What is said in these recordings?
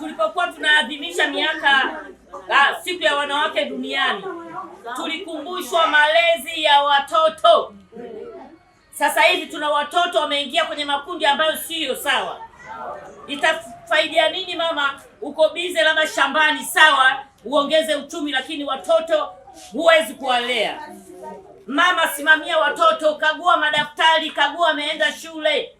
tulipokuwa tunaadhimisha miaka la ah, siku ya wanawake duniani tulikumbushwa malezi ya watoto. Sasa hivi tuna watoto wameingia kwenye makundi ambayo siyo sawa. Itafaidia nini mama? Uko bize labda shambani, sawa, uongeze uchumi, lakini watoto huwezi kuwalea. Mama, simamia watoto, kagua madaftari, kagua ameenda shule,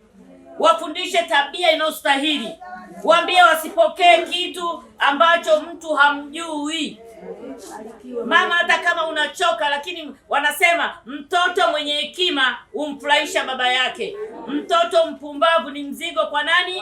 wafundishe tabia inayostahili. Waambie wasipokee kitu ambacho mtu hamjui. Mama, hata kama unachoka, lakini wanasema mtoto mwenye hekima humfurahisha baba yake, mtoto mpumbavu ni mzigo kwa nani?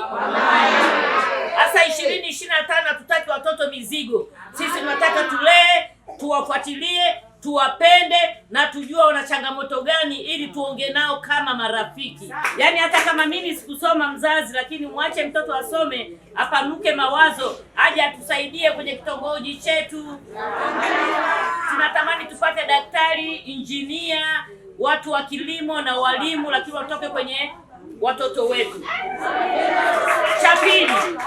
Hasa ishirini ishirini na tano hatutaki watoto mizigo. Sisi tunataka tulee, tuwafuatilie tuwapende na tujua wana changamoto gani, ili tuonge nao kama marafiki. Yaani hata kama mimi sikusoma mzazi, lakini mwache mtoto asome, apanuke mawazo, aje atusaidie kwenye kitongoji chetu. Tunatamani tupate daktari, injinia, watu wa kilimo na walimu, lakini watoke kwenye watoto wetu. Cha pili,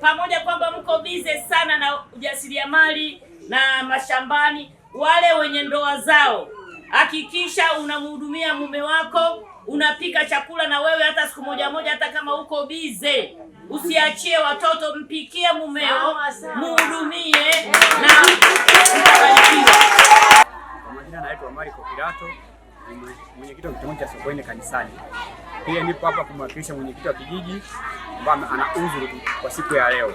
pamoja kwamba mko bize sana na ujasiriamali na mashambani wale wenye ndoa zao, hakikisha unamhudumia mume wako, unapika chakula na wewe, hata siku moja moja, hata kama uko bize usiachie watoto, mpikie mumeo, muhudumie na kwa majina mwenyekiti wa kitongoji cha Sokoine kanisani. Pia nipo hapa kumwakilisha mwenyekiti wa kijiji ambaye ana uzuri kwa siku ya leo,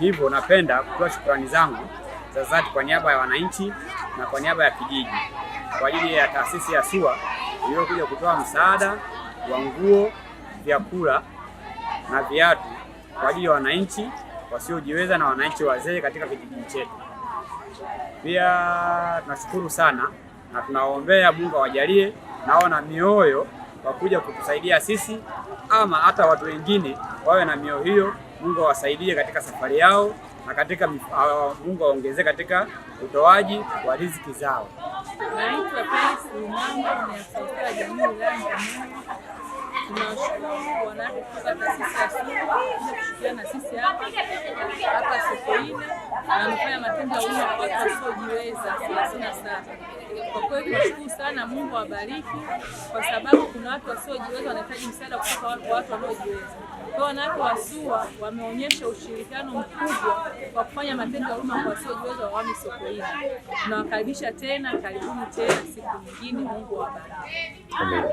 hivyo napenda kutoa shukrani zangu ZAZATI kwa niaba ya wananchi na kwa niaba ya kijiji kwa ajili ya taasisi ya SUA iliyokuja kutoa msaada wa nguo, vyakula na viatu kwa ajili ya wananchi wasiojiweza na wananchi wazee katika kijiji chetu. Pia tunashukuru sana na tunawaombea Mungu awajalie nao na mioyo wa kuja kutusaidia sisi ama hata watu wengine wawe na mioyo hiyo. Mungu awasaidie katika safari yao na katika ah, Mungu aongezee katika utoaji wa riziki zao tunashukuru wanaotupata sisi Asua kushirikiana na sisi hapa hapa Sokoine, anafanya matendo ya huruma kwa watu wasiojiweza thelathini na saba. Kwa kweli tunashukuru sana, Mungu awabariki, kwa sababu kuna watu wasiojiweza wanahitaji msaada kutoka watu wanaojiweza. Kwa wanawake wa Asua wameonyesha ushirikiano mkubwa kwa kufanya matendo ya huruma kwa wasiojiweza wa WAMI Sokoine. Tunawakaribisha tena, karibuni tena siku nyingine. Mungu awabariki.